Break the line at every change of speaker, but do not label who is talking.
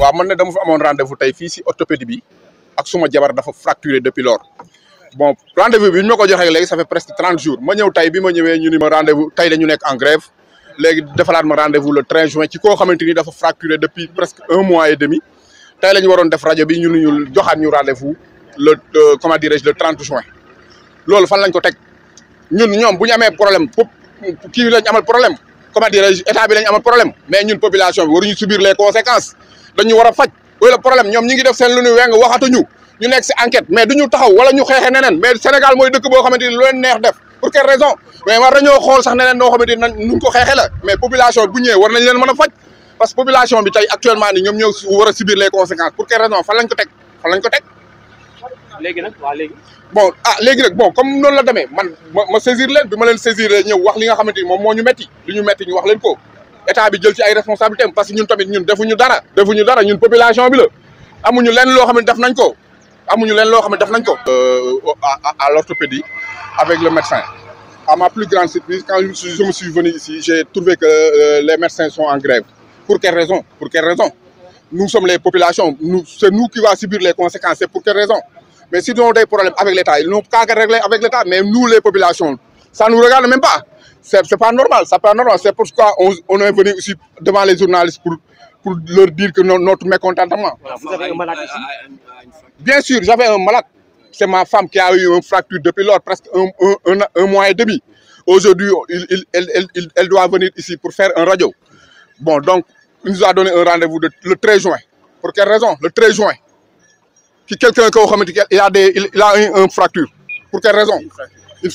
waaw man ne dama fa amoon rendez tey fii si orthopédie bi ak suma jabar dafa fracturé depuis lors bon rendez-vous bi ñu ko joxee léegi ça fait presque trente jours ma ñëw tey bi ma ñëwee ñu ni ma rendez-vous tey dañu nekk en grève léegi defalaat ma rendez-vous le 13 juin ci koo xamante ni dafa fracturé depuis presque un mois et demi tey la waroon def rajo bi ñu ñu joxaat ñu rendez-vous le comment dirais le 30 juin loolu fan lañ ko teg ñun ñoom bu ñu amee problème pop kii lañ amal problème comment dirais-je état bi lañ mais ñun population bi waruñu subir les conséquences dañu war a faj wala problème ñoom ñi ngi def seen lu ñu weng waxatuñu ñu nekk si enquête mais duñu taxaw wala ñu xeexe neneen mais Sénégal mooy dëkk boo xamante ni lu leen neex def pour quelle raison mais war nañoo xool sax population bu ñëwee war nañ leen a faj parce que population bi tey actuellement ni ñoom ñoo war a subir les conséquences pour quelle raison fan lañ ko teg fan lañ ko teg léegi bon ah léegi nag bon comme noonu la demee man ma saisir leen bi ma leen saisir ñëw wax li nga xamante ni moom moo ñu metti li ñu metti ñu wax leen ko état bi jël ci ay responsabilités am parce que ñun tamit ñun defuñu dara. defuñu dara ñun population bi la amuñu len loo xam ne def nañ ko amuñu lenn loo xam ne def nañ ko. Euh, à l'orthopédie avec le médecin à ma plus grande surprise quand je me suis venu ici j'ai trouvé que euh, les médecins sont en grève pour quelle raison pour quelle raison nous sommes les populations nous c'est nous qui va subir les conséquences c'est pour quelle raison mais si nous avons problèmes avec l'État nous les populations Ça ne nous regarde même pas. Ce n'est pas normal, c'est pas normal. C'est pourquoi on, on, est venu aussi devant les journalistes pour, leur dire que notre mécontentement. Bien sûr, j'avais un malade. C'est ma femme qui a eu une fracture depuis lors, presque un, un, mois et demi. Aujourd'hui, elle, doit venir ici pour faire un radio. Bon, donc, il nous a donné un rendez-vous le 13 juin. Pour quelle raison Le 13 juin. Quelqu'un qui a, des, il a une, une fracture. Pour quelle raison Une